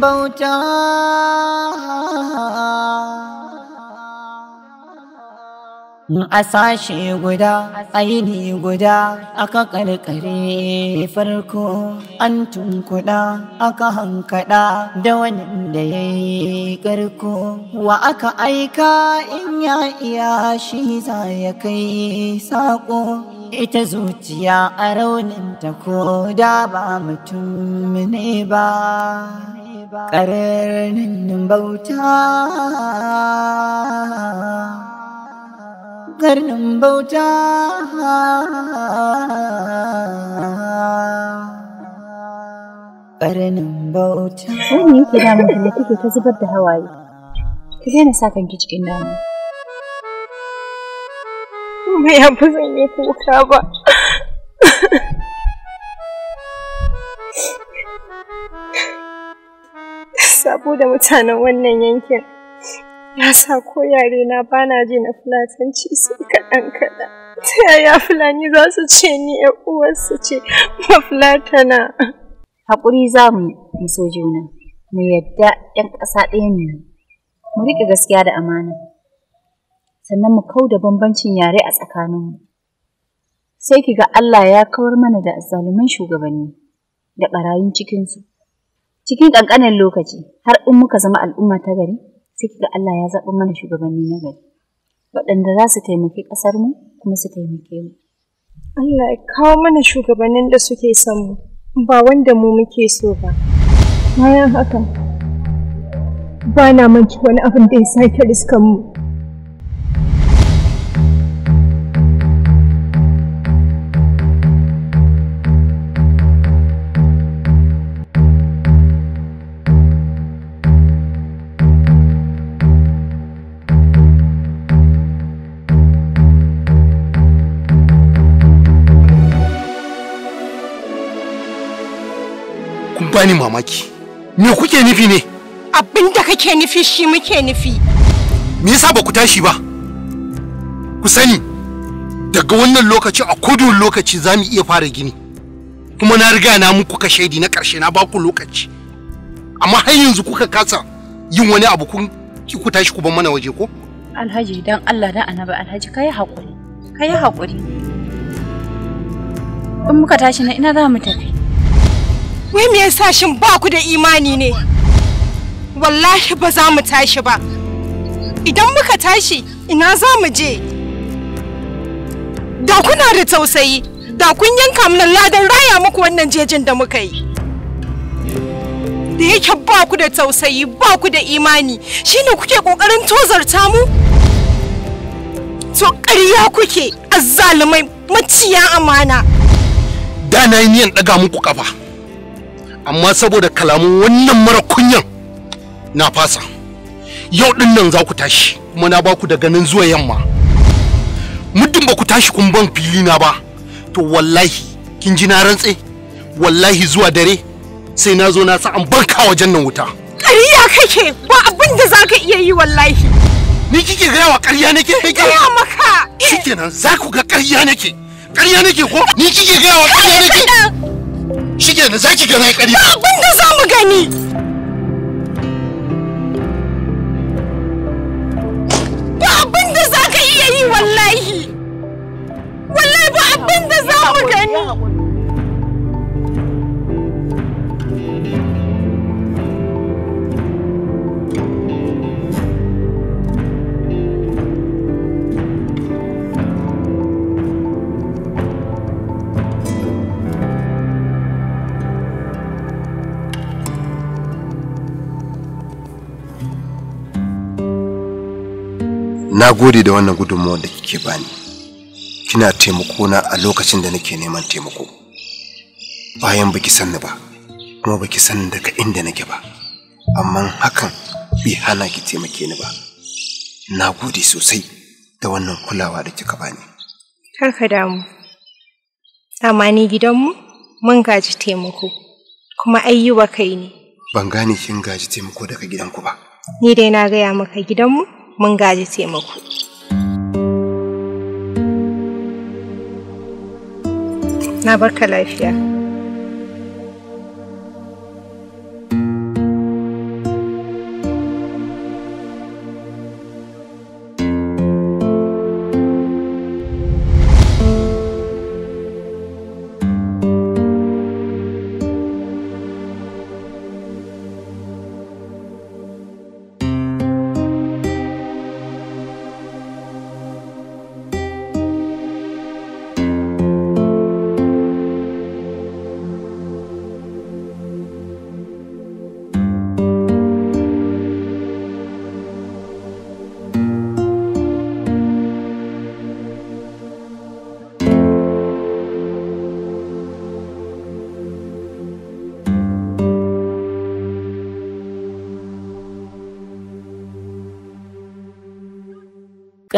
bauta a sashe guda aini guda aka karkare farko an tunkuda aka hankada da wani da ya yi karko wa aka aika in ya iya shi za ya kai sako ita zuciya a raunin ta ko da ba mutum ne ba. ƙararrenin bauta ƙarnin bauta ƙarnin bauta wani yake damun da ya ta zubar da hawaye ki daina sa kanki cikin damu me ya fi zan yi kuka ba sabo da mutanen wannan yankin ya sa ko yare na bana ji na fulatanci sai kaɗan kaɗan ta yaya fulani za su ce ni ya uwarsu ce ma fulatana haƙuri za mu yi juna mu yadda 'yan ƙasa ɗaya ne mu riƙe gaskiya da amana sannan mu kau da bambancin yare a tsakaninmu sai ki ga Allah ya kawar mana da azzaluman shugabanni da ɓarayin cikinsu. Cikin ƙanƙanin lokaci, har in muka zama al'umma ta gari, sai ga Allah ya zaɓi mana shugabanni na gari, waɗanda za su taimaki mu kuma su taimake mu. Allah ya kawo mana shugabannin da suke son mu, ba wanda mu muke so ba. Bayan haka, ba na manci wani abin da ya sake riskan mu. bani mamaki me kuke nufi ne abin da kake nufi shi muke nufi me yasa ba ku tashi ba ku sani daga wannan lokaci a kodin lokaci za mu iya fara gini kuma na riga na muku ka shaidi na karshe na baku lokaci amma har yanzu kuka kasa yin wani abu kun ku tashi ku ban mana waje ko alhaji dan Allah dan annabi alhaji kai hakuri kai hakuri in muka tashi na ina za mu tafi Wai me yasa shin ba ku da imani ne? Wallahi ba za mu tashi ba. Idan muka tashi ina za mu je? Da kuna da tausayi, da kun yanka mana ladan raya muku wannan jejin da muka yi. Da yake ba ku da tausayi, ba ku da imani, shine kuke kokarin tozarta mu? To ƙarya kuke, azzalumai, maciya amana. Da na yi niyan ɗaga muku ƙafa. amma saboda kalamun wannan mara kunyan na fasa yau din nan za ku tashi kuma na ba ku da ganin zuwa yamma muddin ba ku tashi kun ban fili na ba to wallahi kin ji na rantse wallahi zuwa dare sai na zo na sa an barka wajen nan wuta ƙarya kake ba abin da za ka iya yi wallahi ni kike gaya wa ƙarya nake kike gaya maka shikenan za ku ga ƙarya nake ƙarya nake ko ni kike gaya wa ƙarya nake da zaki ga na ƙarya. Abin da za mu gani. na gode da wannan gudunmawar da kike bani kina taimako na a lokacin da nake neman taimako bayan baki sanni ba kuma baki san daga inda nake ba amma hakan bai hana ki taimake ni ba na gode sosai da wannan kulawa da kika bani kar ka damu amma ni gidanmu mun gaji taimako kuma ayyuwa kai ne ban gane kin gaji taimako daga gidanku ba ni dai na gaya maka gidanmu mun gaji taimako. Na barka lafiya.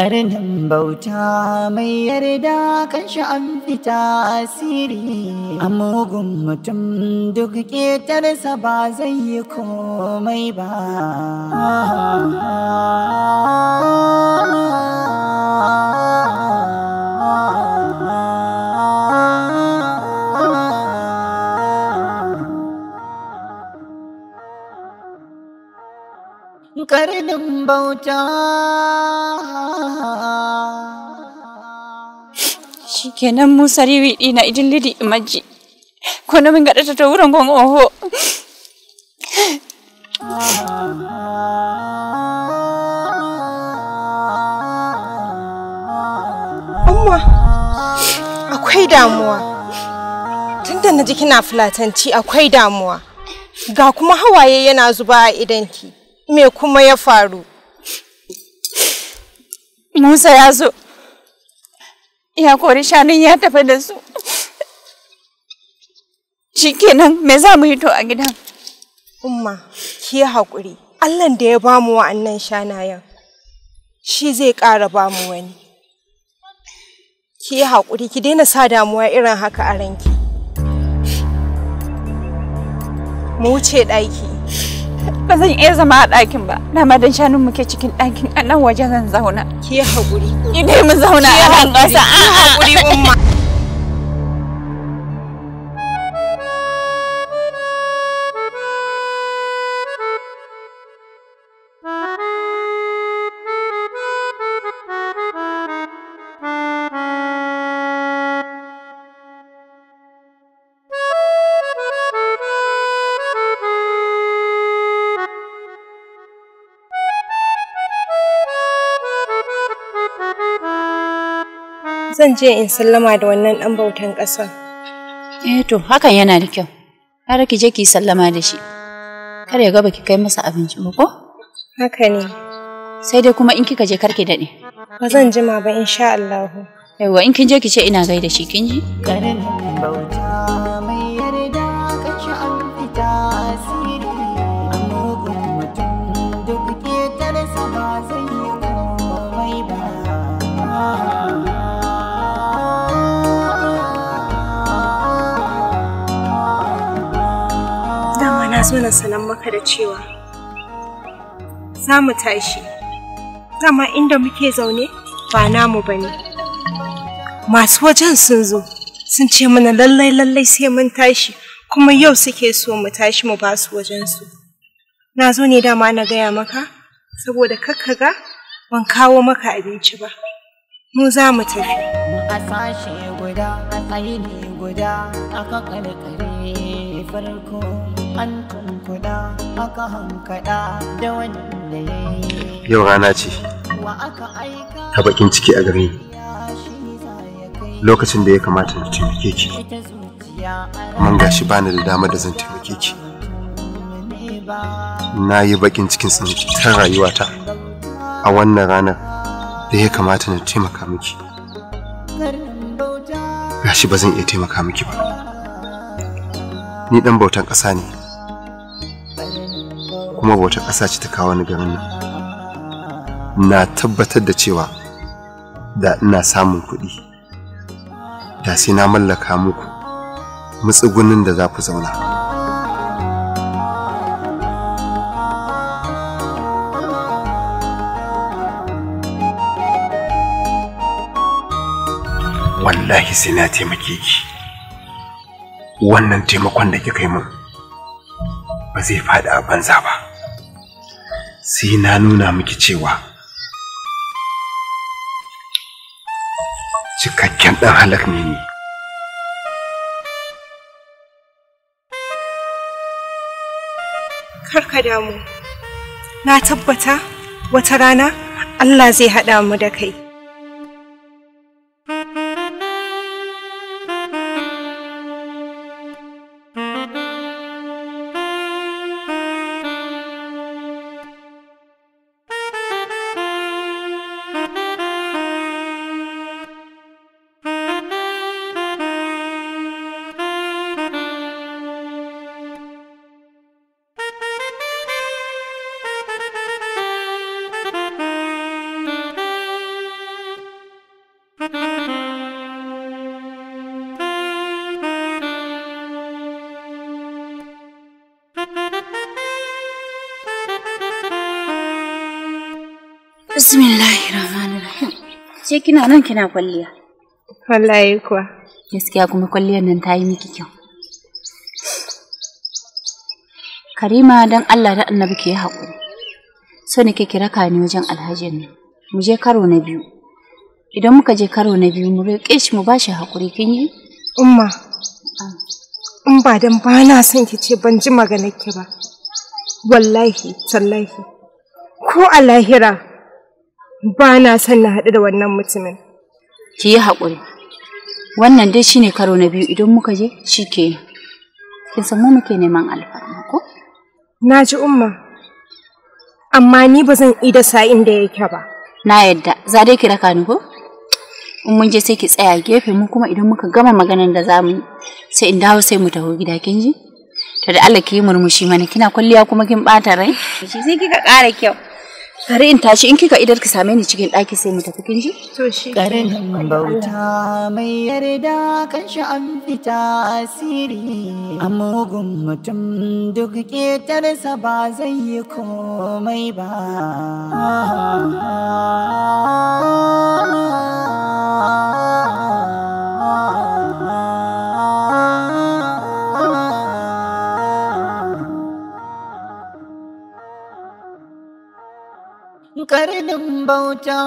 Karnin bauta mai yarda kashi an fita asiri, a mugun mutum duk ƙetarsa ba zai yi komai ba. karnin bauta kenan musa riwi dina idin lidi imaji ko na min gaɗa ta wurin gon oho Umma akwai damuwa tunda na ji kina fulatanci akwai damuwa ga kuma hawaye yana zuba a idanki me kuma ya faru Musa ya zo ya kori shanun ya tafi da su shikenan me za mu yi to a gidan umma ki haƙuri allan da ya bamu wa'annan shanayen shi zai ƙara bamu wani ki haƙuri ki daina sa damuwa irin haka a ranki mu wuce ɗaki ba zan iya zama a ɗakin ba na ma dan shanun muke cikin ɗakin a nan waje zan zauna ki haƙuri ki dai mu zauna a nan ƙasa a haƙuri umma zan je in sallama da wannan ɗan bautan ƙasa Eh to hakan yana da kyau. Har ki je ki sallama da shi. Kar ya ga baki kai masa abinci ba ko? Haka ne. Sai dai kuma in kika je kar ki daɗe. Ba zan jima ba insha Allah. Yawwa in kin je ki ce ina gaida shi kin ji? Garin bauta. na so na sanar maka da cewa za mu tashi dama inda muke zaune ba namu ba ne masu wajen sun zo sun ce mana lallai lallai sai mun tashi kuma yau suke so mu tashi mu ba su wajensu na zo ne dama na gaya maka saboda ga ban kawo maka abinci ba mu za mu tafi a sashe guda a guda a kare farko an kunkuda aka hankada da wanda ya yi yau rana ce ta bakin ciki a gare lokacin da ya kamata na taimake ki amma shi bani da dama da zan taimake ki na yi bakin cikin tsanantar rayuwata a wannan ranar da ya kamata na taimaka miki gashi ba zan iya taimaka miki ba ni dan bautan ƙasa ne kuma bautan ƙasa ce ta kawo ni garin nan na tabbatar da cewa da ina samun kuɗi da sai na mallaka muku matsugunin da za ku zauna. wallahi sai na taimake ki wannan taimakon da kika yi min ba zai faɗi a banza ba sai na nuna miki cewa cikakken ɗan halak ne ni karka damu na tabbata wata rana Allah zai haɗa mu da kai Bismillahirrahmanirrahim. Ce kina nan kina kwalliya. Wallahi kuwa. Gaskiya kuma kwalliyar nan ta yi miki kyau. Karima don Allah da annabi ke haƙuri. So nake kira ka ne wajen alhajin nan. Mu je karo na biyu. Idan muka je karo na biyu mu roƙe shi mu bashi haƙuri kin yi? Umma. In ba dan ba na son ki ce ban ji maganar ki ba. Wallahi, tallahi. Ko a lahira, ba na son na haɗu da wannan mutumin ki yi haƙuri wannan dai shi ne karo na biyu idan muka je shi ke kin san mu muke neman alfarma ko na ji umma amma ni ba zan ida sa'in da yake ba na yadda za dai ki raka ni ko in mun je sai ki tsaya gefe mu kuma idan muka gama maganar da zamu yi sai in dawo sai mu taho gida kin ji to da Allah ki yi murmushi mana kina kwalliya kuma kin ɓata rai sai kika ƙara kyau Kare in tashi in kika idar ki same ni cikin ɗaki sai mu tafi kin ji? To shi kare nan bauta mai yarda kan shi an fita asiri a mugun mutum duk ƙetarsa ba zai yi komai ba. ƙarnin bauta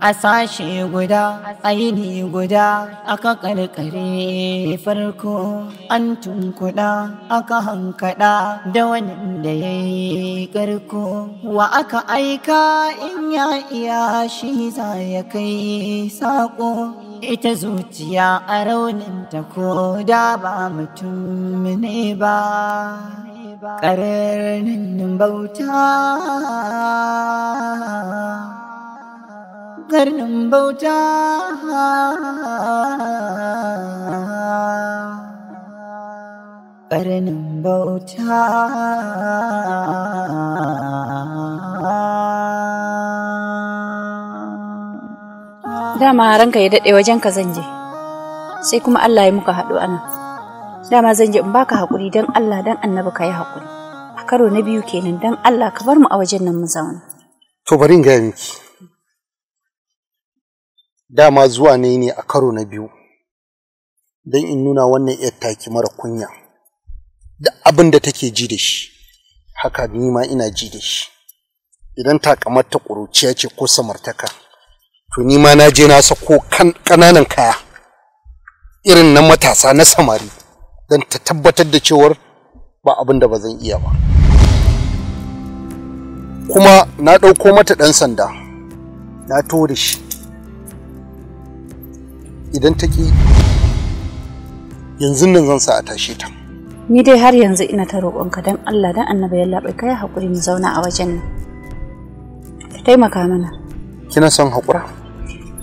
a guda aini guda aka karkare farko an tunkuɗa aka hankaɗa da wani da ya yi karko wa aka aika in ya iya shi za ya kai saƙo ita zuciya a rauninta ko da ba mutum ne ba ƙararrinin bauta karnin bauta karnin bauta Dama ranka ya daɗe wajen ka zan je. Sai kuma Allah ya muka haɗu ana. Dama zan je in baka haƙuri dan Allah don annabi ka yi haƙuri. A karo na biyu kenan dan Allah ka bar mu a wajen nan mu zauna. To bari in gaya miki. Dama zuwa ne ne a karo na biyu. dan in nuna wannan ‘yar taki mara kunya. Da abin da take ji da shi. Haka ni ma ina ji da shi. Idan takamar ta ƙuruciya ce ko samartaka. to ni ma na je na sako kananan kaya irin na matasa na samari don ta tabbatar da cewar ba abin da ba zan iya ba kuma na ɗauko mata ɗan sanda na tore shi idan ta ƙi yanzu nan zan sa a tashe ta ni dai har yanzu ina ta roƙonka don allah don annabi ya laɓe kai haƙuri mu zauna a wajen nan taimaka mana kina son haƙura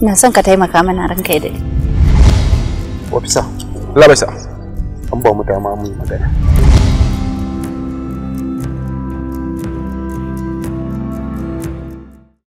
Ina son ka taimaka mana ranka da Ofisa, Allah bai sa. An ba mu dama mu yi magana.